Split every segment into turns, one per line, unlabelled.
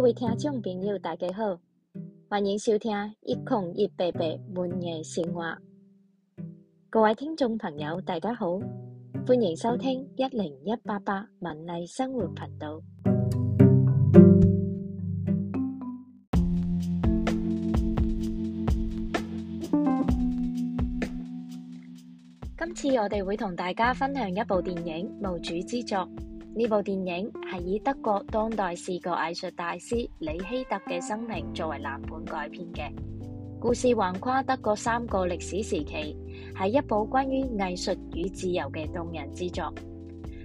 各位聽眾朋友，大家好，歡迎收聽一零一八八文藝生活。各位聽眾朋友，大家好，歡迎收聽一零一八八文藝生活頻道。今次我哋會同大家分享一部電影《無主之作》。呢部電影係以德國當代視覺藝術大師李希特嘅生命作為藍本改編嘅，故事橫跨德國三個歷史時期，係一部關於藝術與自由嘅動人之作。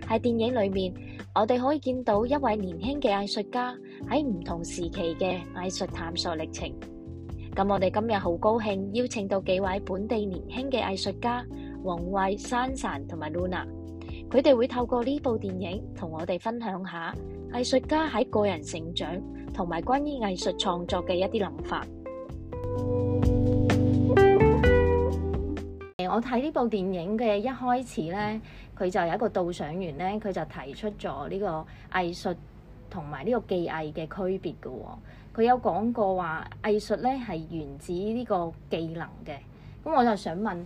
喺電影裏面，我哋可以見到一位年輕嘅藝術家喺唔同時期嘅藝術探索歷程。咁我哋今日好高興邀請到幾位本地年輕嘅藝術家王慧、珊珊同埋 Luna。佢哋會透過呢部電影同我哋分享下藝術家喺個人成長同埋關於藝術創作嘅一啲諗法。我睇呢部電影嘅一開始呢，佢就有一個導賞員呢，佢就提出咗呢個藝術同埋呢個技藝嘅區別嘅。佢有講過話藝術呢係源自呢個技能嘅。咁我就想問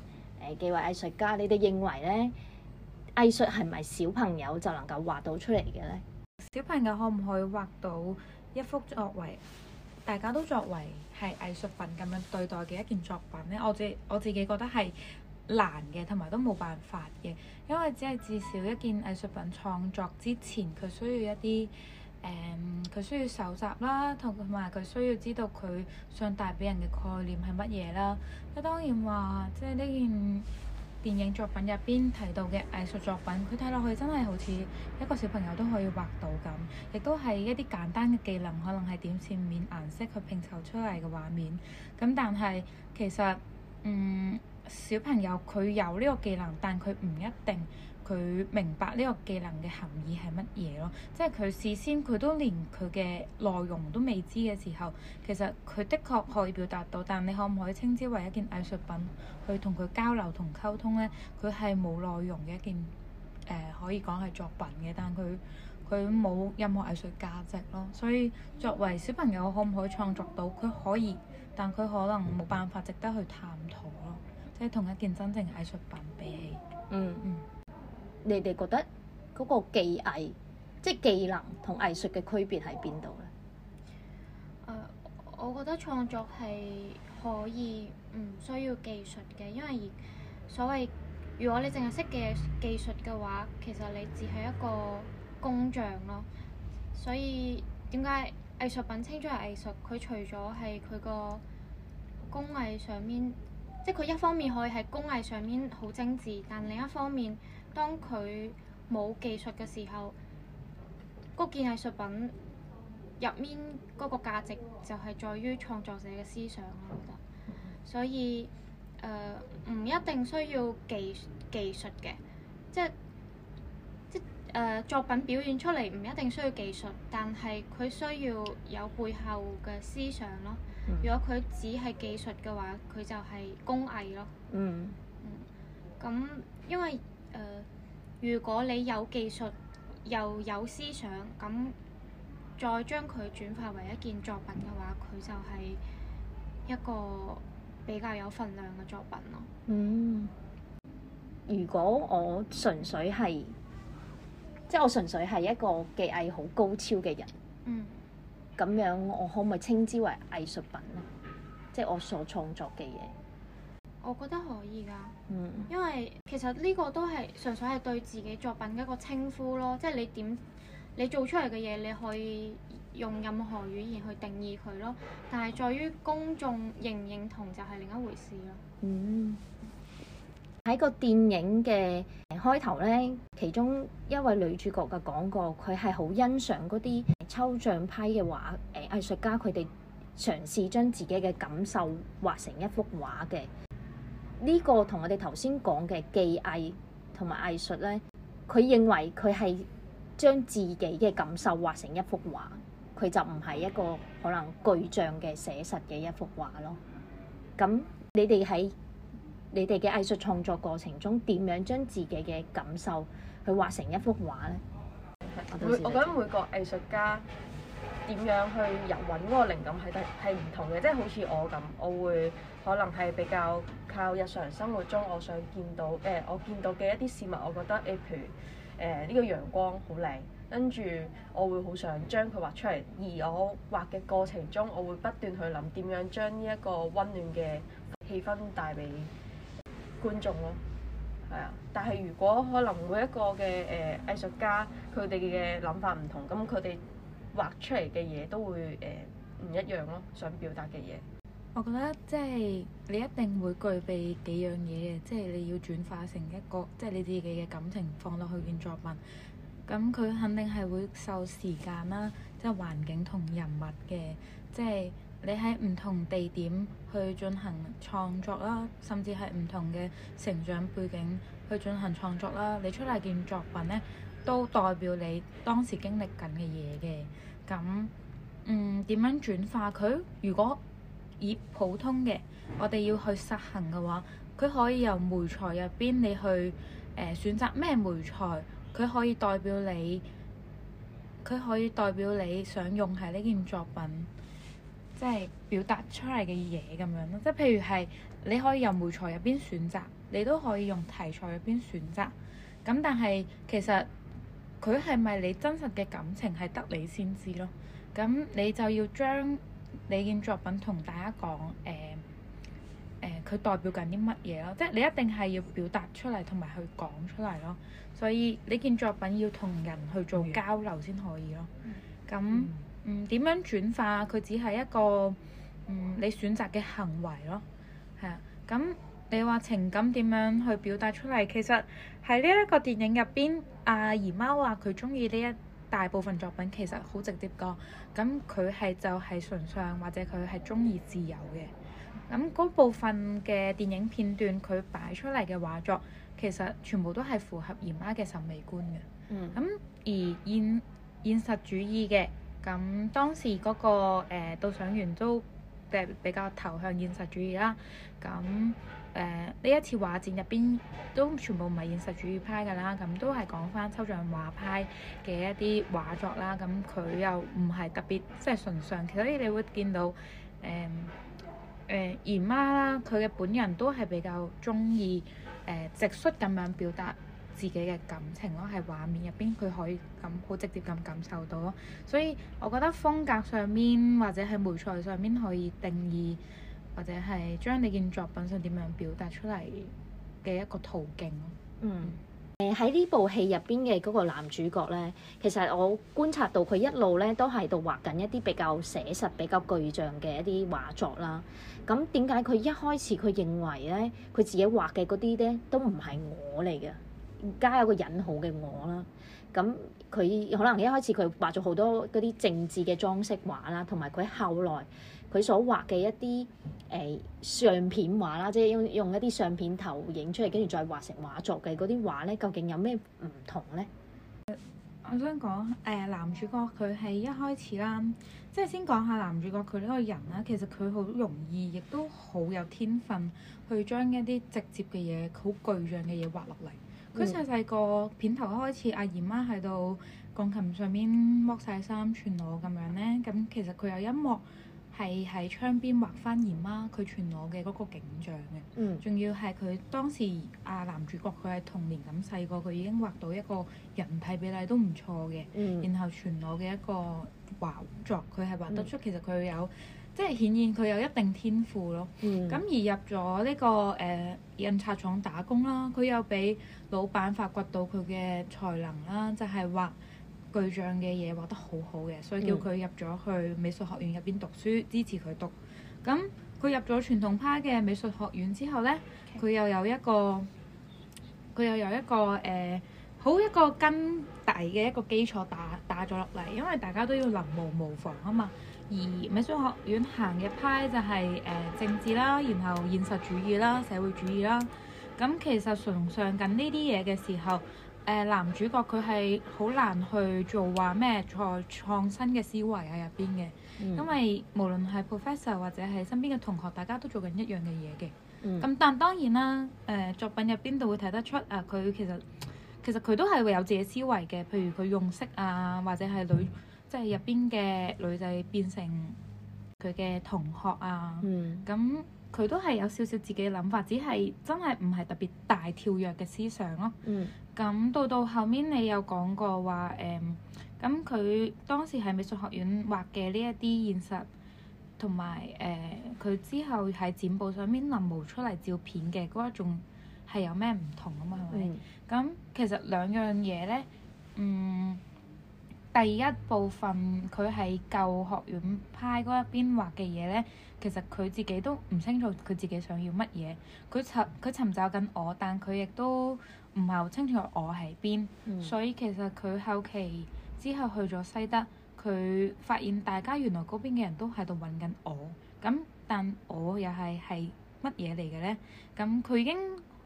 誒幾位藝術家，你哋認為呢？藝術係咪小朋友就能夠畫到出嚟嘅呢？
小朋友可唔可以畫到一幅作為大家都作為係藝術品咁樣對待嘅一件作品呢？我自我自己覺得係難嘅，同埋都冇辦法嘅，因為只係至少一件藝術品創作之前，佢需要一啲誒，佢，嗯，需要搜集啦，同埋佢需要知道佢想帶俾人嘅概念係乜嘢啦。咁當然話，即係呢件。電影作品入邊提到嘅藝術作品，佢睇落去真係好似一個小朋友都可以畫到咁，亦都係一啲簡單嘅技能，可能係點線面顏色去拼湊出嚟嘅畫面。咁但係其實，嗯，小朋友佢有呢個技能，但佢唔一定。佢明白呢個技能嘅含義係乜嘢咯？即係佢事先佢都連佢嘅內容都未知嘅時候，其實佢的確可以表達到，但你可唔可以稱之為一件藝術品去同佢交流同溝通呢？佢係冇內容嘅一件誒、呃，可以講係作品嘅，但佢佢冇任何藝術價值咯。所以作為小朋友可唔可以創作到？佢可以，但佢可能冇辦法值得去探討咯，即係同一件真正藝術品比起，嗯嗯。嗯。
你哋覺得嗰個技藝，即係技能同藝術嘅區別喺邊度呢？
呃，我覺得創作係可以唔需要技術嘅，因為所謂如果你淨係識嘅技術嘅話，其實你只係一個工匠咯。所以點解藝術品稱之為藝術？佢除咗係佢個工藝上面，即係佢一方面可以喺工藝上面好精緻，但另一方面。當佢冇技術嘅時候，嗰件藝術品入面嗰個價值就係在於創作者嘅思想咯。我覺得，所以誒唔、呃、一定需要技技術嘅，即係即、呃、作品表現出嚟唔一定需要技術，但係佢需要有背後嘅思想咯。嗯、如果佢只係技術嘅話，佢就係工藝咯。嗯，咁、嗯、因為。誒，uh, 如果你有技術又有思想，咁再將佢轉化為一件作品嘅話，佢就係一個比較有份量嘅作品咯。嗯，
如果我純粹係，即係我純粹係一個技藝好高超嘅人，咁、嗯、樣我可唔可以稱之為藝術品呢？即係我所創作嘅嘢。
我覺得可以㗎，因為其實呢個都係純粹係對自己作品一個稱呼咯。即係你點你做出嚟嘅嘢，你可以用任何語言去定義佢咯。但係在於公眾認唔認同，就係另一回事咯。
嗯、喺個電影嘅開頭呢，其中一位女主角嘅講過，佢係好欣賞嗰啲抽象派嘅畫。誒、呃、藝術家佢哋嘗試將自己嘅感受畫成一幅畫嘅。呢個同我哋頭先講嘅技藝同埋藝術呢，佢認為佢係將自己嘅感受畫成一幅畫，佢就唔係一個可能具象嘅寫實嘅一幅畫咯。咁你哋喺你哋嘅藝術創作過程中，點樣將自己嘅感受去畫成一幅畫呢？我覺
得每個藝術家點樣去入揾嗰個靈感係係唔同嘅，即係好似我咁，我會。可能係比較靠日常生活中，我想見到誒、呃，我見到嘅一啲事物，我覺得誒，譬如誒呢、呃這個陽光好靚，跟住我會好想將佢畫出嚟。而我畫嘅過程中，我會不斷去諗點樣將呢一個温暖嘅氣氛帶俾觀眾咯。係、嗯、啊，但係如果可能每一個嘅誒藝術家，佢哋嘅諗法唔同，咁佢哋畫出嚟嘅嘢都會誒唔、呃、一樣咯，想表達嘅嘢。
我覺得即係你一定會具備幾樣嘢嘅，即係你要轉化成一個即係你自己嘅感情放落去件作品。咁佢肯定係會受時間啦，即係環境同人物嘅，即係你喺唔同地點去進行創作啦，甚至係唔同嘅成長背景去進行創作啦。你出嚟件作品咧，都代表你當時經歷緊嘅嘢嘅。咁，嗯，點樣轉化佢？如果以普通嘅，我哋要去實行嘅話，佢可以由媒材入邊你去誒、呃、選擇咩媒材，佢可以代表你，佢可以代表你想用係呢件作品，即係表達出嚟嘅嘢咁樣咯。即係譬如係你可以由媒材入邊選擇，你都可以用題材入邊選擇，咁但係其實，佢係咪你真實嘅感情係得你先知咯？咁你就要將。你件作品同大家講，誒、呃、佢、呃、代表緊啲乜嘢咯。即係你一定係要表達出嚟，同埋去講出嚟咯。所以你件作品要同人去做交流先可以咯。咁嗯點、嗯、樣轉化？佢只係一個、嗯、你選擇嘅行為咯。係啊。咁你話情感點樣去表達出嚟？其實喺呢一個電影入邊，阿、啊、姨媽話佢中意呢一。大部分作品其實好直接㗎，咁佢係就係純上，或者佢係鍾意自由嘅，咁嗰部分嘅電影片段佢擺出嚟嘅畫作，其實全部都係符合姨媽嘅審美觀嘅。嗯。咁而現現實主義嘅，咁當時嗰、那個誒導賞員都比較投向現實主義啦，咁。誒呢、呃、一次畫展入邊都全部唔係現實主義派㗎啦，咁、嗯、都係講返抽象畫派嘅一啲畫作啦。咁、嗯、佢又唔係特別即係純常。所以你會見到誒姨媽啦，佢嘅本人都係比較中意、呃、直率咁樣表達自己嘅感情咯，喺畫面入邊佢可以咁好直接咁感受到咯。所以我覺得風格上面或者係媒材上面可以定義。或者係將你件作品想點樣表達出嚟嘅一個途徑。嗯。誒喺呢部戲
入邊嘅嗰個男主角咧，其實我觀察到佢一路咧都喺度畫緊一啲比較寫實、比較具象嘅一啲畫作啦。咁點解佢一開始佢認為咧，佢自己畫嘅嗰啲咧都唔係我嚟嘅，而家有個引號嘅我啦。咁佢可能一開始佢畫咗好多嗰啲政治嘅裝飾畫啦，同埋佢後來。佢所畫嘅一啲誒、呃、相片畫啦，即係用用一啲相片投影出嚟，跟住再畫成畫作嘅嗰啲畫咧，究竟有咩唔
同咧？我想講誒、呃、男主角佢係一開始啦，即係先講下男主角佢呢個人啦。其實佢好容易，亦都好有天分，去將一啲直接嘅嘢、好具象嘅嘢畫落嚟。佢細細個片頭一開始，阿姨媽喺度鋼琴上面剝晒衫全裸咁樣咧，咁其實佢有一幕。係喺窗邊畫返姨媽佢全裸嘅嗰個景象嘅，仲、嗯、要係佢當時啊男主角佢係童年咁細個，佢已經畫到一個人體比例都唔錯嘅，嗯、然後全裸嘅一個畫作，佢係畫得出，嗯、其實佢有即係顯現佢有一定天賦咯。咁、嗯、而入咗呢、這個誒、呃、印刷廠打工啦，佢又俾老闆發掘到佢嘅才能啦，就係、是、畫。具象嘅嘢畫得好好嘅，所以叫佢入咗去美術學院入邊讀書，支持佢讀。咁佢入咗傳統派嘅美術學院之後咧，佢 Okay. 又有一個，佢又有一個誒、呃、好一個根底嘅一個基礎打打咗落嚟，因為大家都要臨摹模仿啊嘛。而美術學院行嘅派就係、是、誒、呃、政治啦，然後現實主義啦、社會主義啦。咁其實崇尚緊呢啲嘢嘅時候，誒、呃、男主角佢係好難去做話咩創創新嘅思維喺、啊、入邊嘅，嗯、因為無論係 professor 或者係身邊嘅同學，大家都做緊一樣嘅嘢嘅。咁、嗯、但當然啦，誒、呃、作品入邊都會睇得出啊，佢其實其實佢都係會有自己思維嘅，譬如佢用色啊，或者係女即係、嗯、入邊嘅女仔變成佢嘅同學啊，咁、嗯。佢都係有少少自己諗法，只係真係唔係特別大跳躍嘅思想咯。嗯。咁到到後面你有講過話誒，咁、嗯、佢當時喺美術學院畫嘅呢一啲現實，同埋誒佢之後喺展布上面臨摹出嚟照片嘅嗰一種係有咩唔同吖嘛？係咪？咁、嗯、其實兩樣嘢咧，嗯。第一部分佢喺舊學院派嗰一邊畫嘅嘢呢，其實佢自己都唔清楚佢自己想要乜嘢，佢尋佢尋找緊我，但佢亦都唔係好清楚我喺邊，嗯、所以其實佢後期之後去咗西德，佢發現大家原來嗰邊嘅人都喺度揾緊我，咁但我又係係乜嘢嚟嘅呢？咁佢已經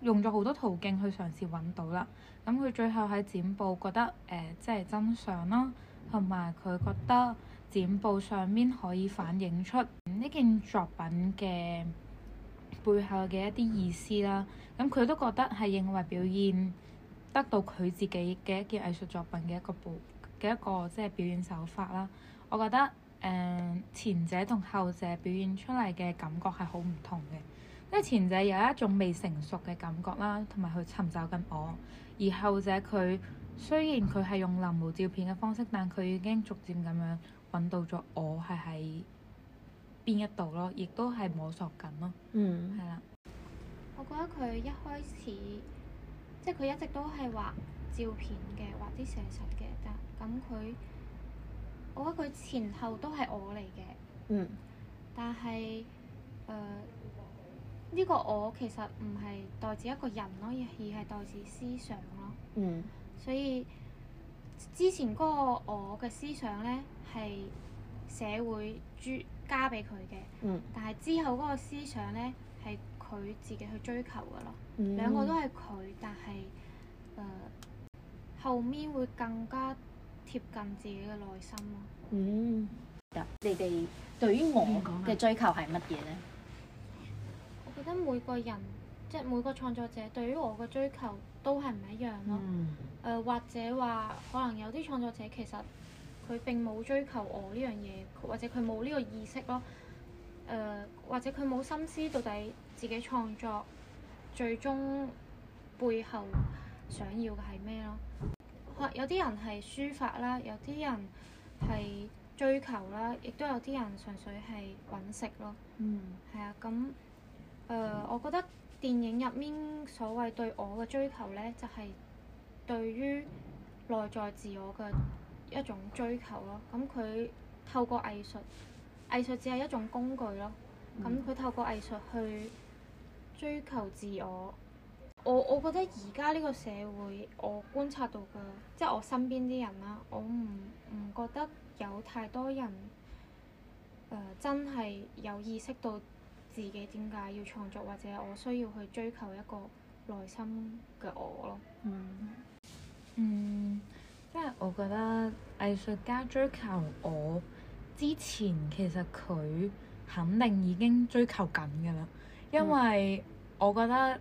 用咗好多途徑去嘗試揾到啦。咁佢最後喺展報覺得誒，即、呃、係真，真相啦，同埋佢覺得展報上面可以反映出呢件作品嘅背後嘅一啲意思啦。咁佢都覺得係認為表現得到佢自己嘅一件藝術作品嘅一個部嘅一個即係表演手法啦。我覺得誒、呃，前者同後者表現出嚟嘅感覺係好唔同嘅，即係前者有一種未成熟嘅感覺啦，同埋佢尋找緊我。而後者佢雖然佢係用臨摹照片嘅方式，但佢已經逐漸咁樣揾到咗我係喺邊一度咯，亦都係摸索緊咯。嗯，係啦的。
我覺得佢一開始即係佢一直都係畫照片嘅，畫啲寫實嘅，但咁佢我覺得佢前後都係我嚟嘅。嗯。但係誒。呃呢個我其實唔係代指一個人咯，而係代指思想咯。嗯、所以之前嗰個我嘅思想呢，係社會加俾佢嘅。嗯、但係之後嗰個思想呢，係佢自己去追求㗎咯。嗯。兩個都係佢，但係誒、呃，後面會更加貼近自己嘅內心咯。嗯。
你哋對於我講嘅追求係乜嘢呢？
咁每個人即係每個創作者對於我嘅追求都係唔一樣咯。誒、嗯呃、或者話可能有啲創作者其實佢並冇追求我呢樣嘢，或者佢冇呢個意識咯。誒、呃、或者佢冇心思到底自己創作最終背後想要嘅係咩咯。有啲人係抒發啦，有啲人係追求啦，亦都有啲人純粹係揾食咯。嗯，係啊，咁。誒，uh, 我覺得電影入面所謂對我嘅追求呢，就係、是、對於內在自我嘅一種追求咯。咁、嗯、佢透過藝術，藝術只係一種工具咯。咁、嗯、佢透過藝術去追求自我。我我覺得而家呢個社會，我觀察到嘅，即、就、係、是、我身邊啲人啦，我唔唔覺得有太多人、呃、真係有意識到。自
己點解要創作，或者我需要去追求一個內心嘅我咯。嗯，嗯，即係我覺得藝術家追求我之前，其實佢肯定已經追求緊㗎啦。因為我覺得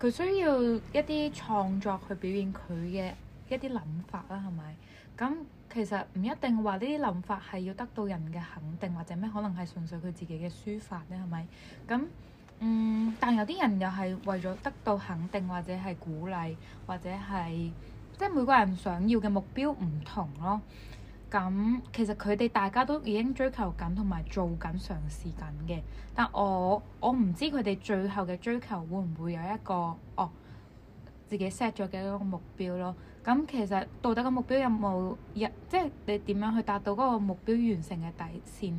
佢需要一啲創作去表現佢嘅一啲諗法啦，係咪？咁其實唔一定話呢啲諗法係要得到人嘅肯定或者咩，可能係純粹佢自己嘅抒發呢？係咪？咁嗯，但有啲人又係為咗得到肯定或者係鼓勵或者係，即係每個人想要嘅目標唔同咯。咁其實佢哋大家都已經追求緊同埋做緊嘗試緊嘅，但我我唔知佢哋最後嘅追求會唔會有一個哦自己 set 咗嘅一個目標咯。咁其實達到嘅目標有冇日，即係你點樣去達到嗰個目標完成嘅底線，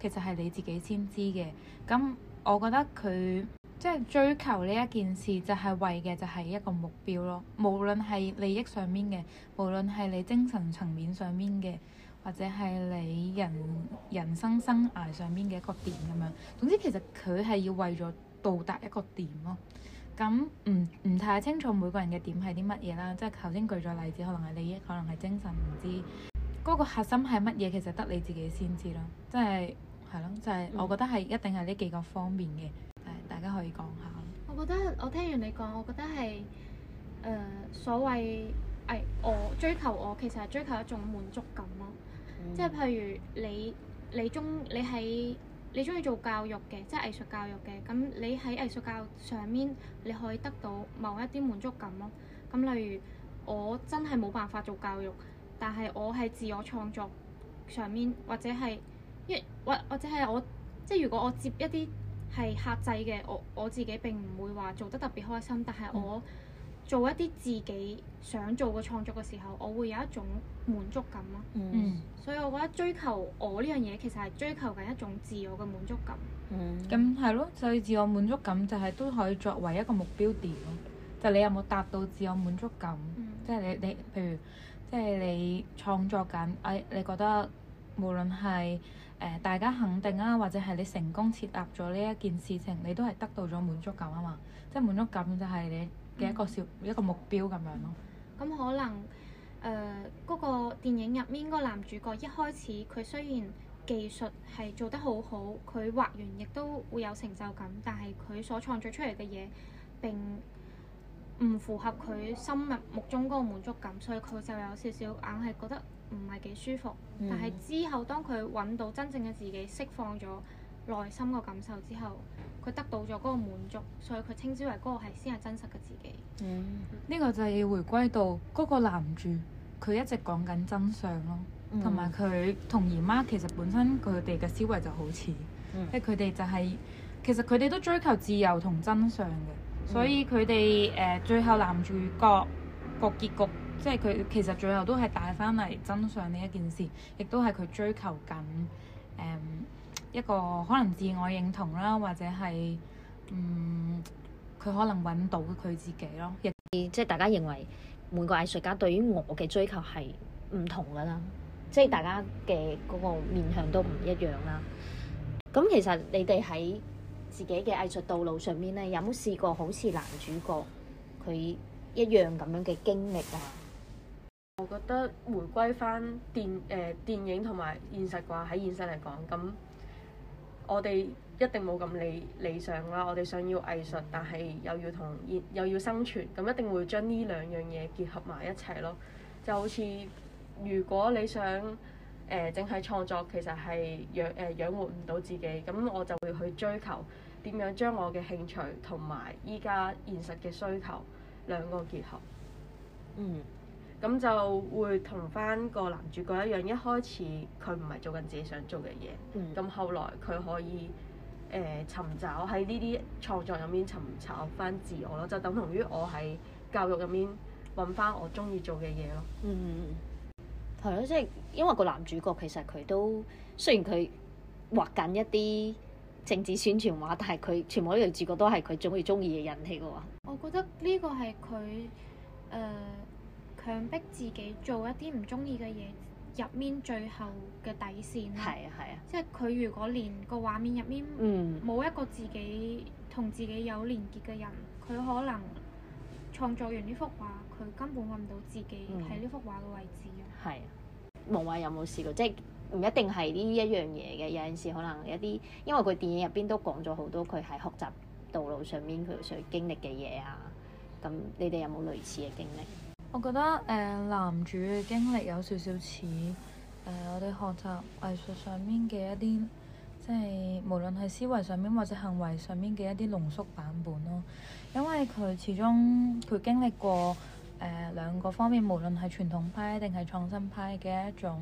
其實係你自己先知嘅。咁我覺得佢即係追求呢一件事，就係為嘅就係一個目標咯。無論係利益上面嘅，無論係你精神層面上面嘅，或者係你人人生生涯上面嘅一個點咁樣。總之其實佢係要為咗到達一個點咯。咁唔唔太清楚每個人嘅點係啲乜嘢啦，即係頭先舉咗例子，可能係利益，可能係精神，唔知嗰個核心係乜嘢，其實得你自己先知咯，即係係咯，就係我覺得係一定係呢幾個方面嘅，大家可以講下。
我覺得我聽完你講，我覺得係誒所謂誒我追求我其實係追求一種滿足感咯，嗯、即係譬如你你中你喺你中意做教育嘅，即係藝術教育嘅，咁你喺藝術教育上面你可以得到某一啲滿足感咯、哦。咁例如我真係冇辦法做教育，但係我係自我創作上面，或者係一或或者係我即係如果我接一啲係客製嘅，我我自己並唔會話做得特別開心，但係我。嗯做一啲自己想做嘅創作嘅時候，我會有一種滿足感咯。Mm. 嗯，所以我覺得追求我呢樣嘢其實係追求緊一種自我嘅滿足感。嗯，
咁係咯，所以自我滿足感就係都可以作為一個目標點咯。就是、你有冇達到自我滿足感？嗯，即 係、 就是、你、就是、你譬如即係你創作緊，誒，你覺得無論係誒大家肯定啊，或者係你成功設立咗呢一件事情，你都係得到咗滿足感啊嘛。即係滿足感就係你。嘅、嗯、一個目標咁樣咯，
咁可能誒嗰、呃嗰個電影入面個男主角一開始佢雖然技術係做得好好，佢畫完亦都會有成就感，但係佢所創造出嚟嘅嘢並唔符合佢心目目中嗰個滿足感，所以佢就有少少硬係覺得唔係幾舒服。嗯、但係之後當佢揾到真正嘅自己，釋放咗內心個感受之後，佢得到咗嗰個滿足，所以佢稱之為嗰個係先係真實嘅自己。
嗯，呢、嗯、個就係要回歸到嗰、那個男主，佢一直講緊真相咯，同埋佢同姨媽其實本身佢哋嘅思維就好似，嗯、即係佢哋就係、是、其實佢哋都追求自由同真相嘅，嗯、所以佢哋誒最後男主角個結局，即係佢其實最後都係帶翻嚟真相呢一件事，亦都係佢追求緊誒。嗯一個可能自我認同啦，或者係嗯佢可能揾到佢自己咯。亦即係大家認為每個藝術家對於我
嘅追求係唔同㗎喇，即係大家嘅嗰個面向都唔一樣啦。咁其實你哋喺自己嘅藝術道路上面咧，有冇試過好似男主角佢一樣咁樣嘅經歷啊？
我覺得回歸翻電誒、呃、電影同埋現實啩，喺現實嚟講咁。我哋一定冇咁理理想啦，我哋想要藝術，但係又要同，又要生存，咁一定會將呢兩樣嘢結合埋一齊咯。就好似如果你想誒淨係創作，其實係養誒、呃、養活唔到自己，咁我就會去追求點樣將我嘅興趣同埋依家現實嘅需求兩個結合。嗯。咁就會同翻個男主角一樣，一開始佢唔係做緊自己想做嘅嘢。咁、嗯、後來佢可以誒、呃、尋找喺呢啲創作入面尋找翻自我咯，就等同於我喺教育入面揾翻我中意做嘅嘢咯。嗯嗯嗯，係咯，即、就、係、是、因為個男主角其實佢都雖然佢
畫緊一啲政治宣傳畫，但係佢全部呢類主角都係佢中意中意嘅人嚟嘅
喎。我覺得呢個係佢誒。呃強迫自己做一啲唔中意嘅嘢，入面最後嘅底線咯。係啊，係啊。即係佢如果連個畫面入面冇、嗯、一個自己同自己有連結嘅人，佢可能創作完呢幅畫，佢根本揾唔到自己喺呢幅畫嘅位置咯。
係、啊，冇話有冇試過，即係唔一定係呢一樣嘢嘅。有陣時可能一啲，因為佢電影入邊都講咗好多，佢喺學習道路上面佢想經歷嘅嘢啊。咁你哋有冇類似嘅經歷？
我覺得誒男主嘅經歷有少少似誒我哋學習藝術上面嘅一啲，即係無論係思維上面或者行為上面嘅一啲濃縮版本咯。因為佢始終佢經歷過誒兩個方面，無論係傳統派定係創新派嘅一種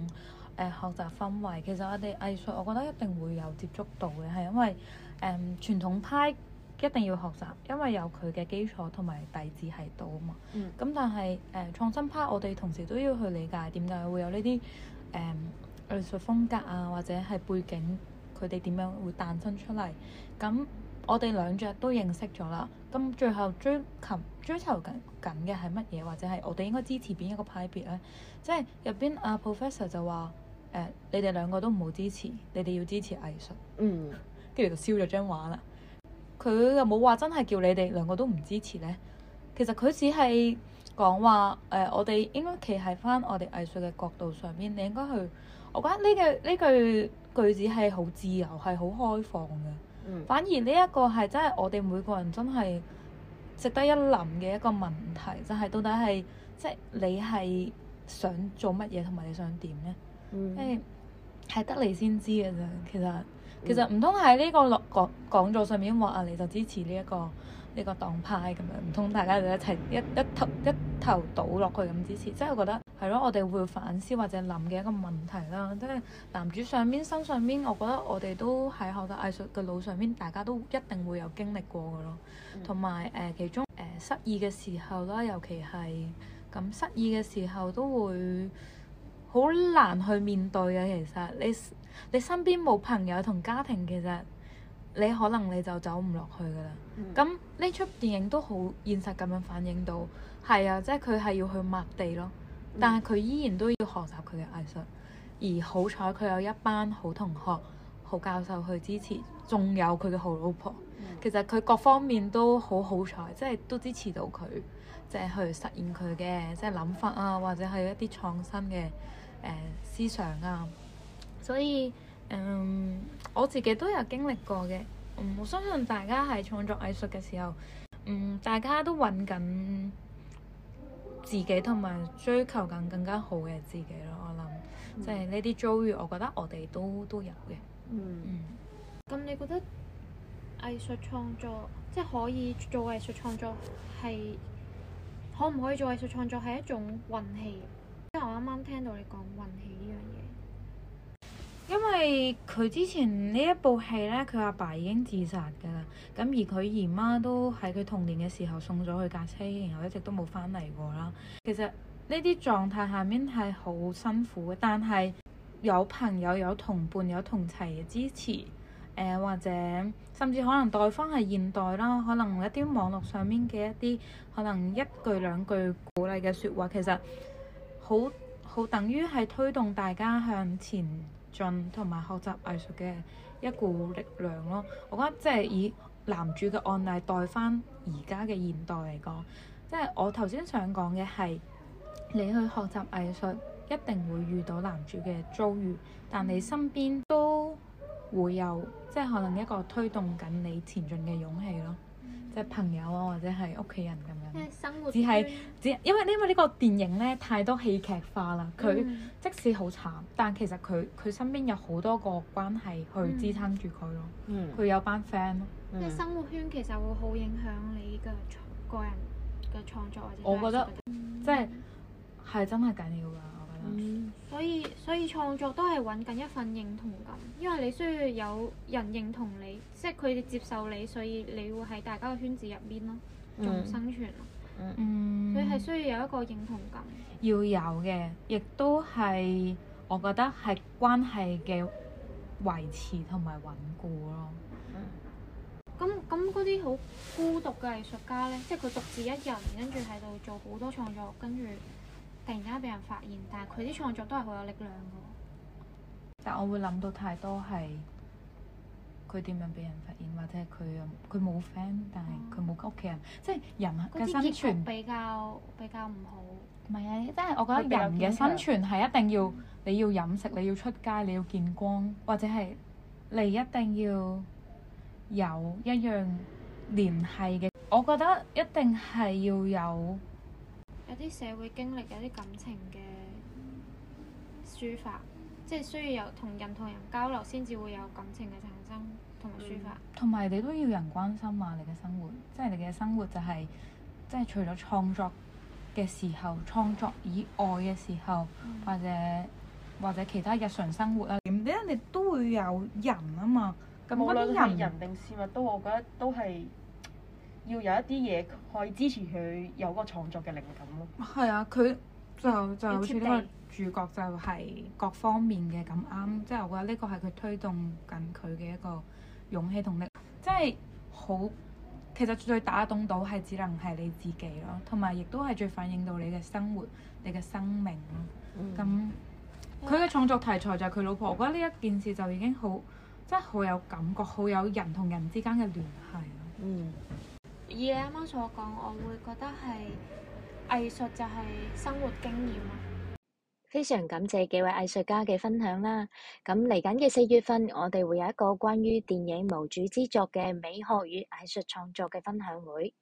誒學習氛圍。其實我哋藝術，我覺得一定會有接觸到嘅，係因為誒傳統派。一定要學習，因為有佢嘅基礎同埋底子喺度啊嘛。咁、嗯、但係誒、呃、創新派，我哋同時都要去理解點解會有呢啲誒藝術風格啊，或者係背景佢哋點樣會誕生出嚟。咁我哋兩隻都認識咗啦。咁最後追求追求緊緊嘅係乜嘢，或者係我哋應該支持邊一個派別咧？即係入邊阿 Professor 就話、是、誒、呃，你哋兩個都唔好支持，你哋要支持藝術。嗯。跟住就燒咗張畫啦。佢又冇話真係叫你哋兩個都唔支持呢。其實佢只係講話誒，我哋應該企喺返我哋藝術嘅角度上邊，你應該去。我覺得呢句呢句句子係好自由，係好開放嘅。嗯。反而呢一個係真係我哋每個人真係值得一諗嘅一個問題，就係、是、到底係即係你係想做乜嘢同埋你想點呢？嗯。係、就是、得你先知嘅啫，其實。其實唔通喺呢個落講講座上面話啊，你就支持呢、這、一個呢、這個黨派咁樣，唔通大家就一齊一一投一投倒落去咁支持？即係我覺得係咯，我哋會反思或者諗嘅一個問題啦。即係男主上面，身上邊，我覺得我哋都喺學習藝術嘅路上面，大家都一定會有經歷過嘅咯。同埋誒其中誒、呃、失意嘅時候啦，尤其係咁失意嘅時候都會好難去面對嘅。其實你。你身邊冇朋友同家庭，其實你可能你就走唔落去噶啦。咁呢出電影都好現實咁樣反映到，係啊，即係佢係要去抹地咯，但係佢依然都要學習佢嘅藝術。而好彩佢有一班好同學、好教授去支持，仲有佢嘅好老婆。Mm hmm. 其實佢各方面都好好彩，即係都支持到佢，即係去實現佢嘅即係諗法啊，或者係一啲創新嘅誒思想啊。所以，誒、嗯、我自己都有經歷過嘅、嗯。我相信大家係創作藝術嘅時候，嗯，大家都揾緊自己同埋追求緊更加好嘅自己咯。我諗，即係呢啲遭遇，我覺得我哋都都有嘅。嗯。
咁、嗯、你覺得藝術創作，即係可以做藝術創作，係可唔可以做藝術創作係一種運氣，因為我啱啱聽到你講運氣。
因為佢之前呢一部戲呢，佢阿爸，爸已經自殺㗎啦。咁而佢姨媽都喺佢童年嘅時候送咗佢架車，然後一直都冇翻嚟過啦。其實呢啲狀態下面係好辛苦嘅，但係有朋友、有同伴、有同齊嘅支持，誒、呃、或者甚至可能對方係現代啦，可能一啲網絡上面嘅一啲可能一句兩句鼓勵嘅説話，其實好好等於係推動大家向前。同埋學習藝術嘅一股力量咯，我覺得即係以男主嘅案例代翻而家嘅現代嚟講，即係我頭先想講嘅係你去學習藝術一定會遇到男主嘅遭遇，但你身邊都會有即係可能一個推動緊你前進嘅勇氣咯嘅朋友啊，或者係屋企人咁樣，生活只係只因為因為呢個電影咧太多戲劇化啦。佢、嗯、即使好慘，但其實佢佢身邊有好多個關係去支撐住佢咯。佢、嗯、有班 friend 咯。即係、嗯嗯、生
活圈其實會好影響你嘅，這個，個人嘅創作，或者
我覺得即係是係、嗯、真係緊要㗎。Mm
hmm. 所以所以創作都係揾緊一份認同感，因為你需要有人認同你，即係佢哋接受你，所以你會喺大家嘅圈子入邊咯，
仲生
存咯。嗯、mm，hmm. 所以係需要有一個認同感。
要有嘅，亦都係我覺得係關係嘅維持同埋穩固咯。嗯、mm。
咁、hmm. 咁，嗰啲好孤獨嘅藝術家呢，即係佢獨自一人，跟住喺度做好多創作，跟住。突
然間畀人發現，但係佢啲創作都係好有力量嘅。但我會諗到太多係佢點樣畀人發現，或者佢佢冇 friend，但係佢冇屋企人，哦、即係人嘅生存比
較比較唔好。唔係啊，即係我覺得人嘅生
存係一定要、嗯、你要飲食，你要出街，你要見光，或者係你一定要有一樣聯繫嘅。嗯、我覺得一定係要有。
有啲社會經歷，有啲感情嘅抒發，即係需要有同人同人交流先至會有感情嘅產生同埋抒發。
同埋、嗯、你都要人關心啊！你嘅生活，即係你嘅生活就係、是，即係除咗創作嘅時候、創作以外嘅時候，嗯、或者或者其他日常生活啊，點解你都會有人啊嘛。
咁我覺得，人定事物都，我覺得都係。要有一啲嘢可以支持佢有個創作嘅靈感咯。係啊，佢就就好似呢
個主角就係各方面嘅咁啱，嗯、即係我覺得呢個係佢推動緊佢嘅一個勇氣同力，即係好其實最打動到係只能係你自己咯，同埋亦都係最反映到你嘅生活、你嘅生命咯。咁佢嘅創作題材就係佢老婆，我覺得呢一件事就已經好即係好有感覺，好有人同人之間嘅聯繫咯。嗯。以你啱
啱所講，我會覺得係藝術就係生活經驗。
非常感謝幾位藝術家嘅分享啦。咁嚟緊嘅四月份，我哋會有一個關於電影無主之作嘅美學與藝術創作嘅分享會，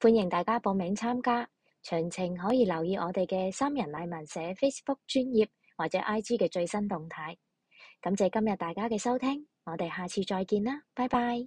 歡迎大家報名參加。詳情可以留意我哋嘅三人藝文社 Facebook 專頁或者 IG 嘅最新動態。感謝今日大家嘅收聽，我哋下次再見啦，拜拜！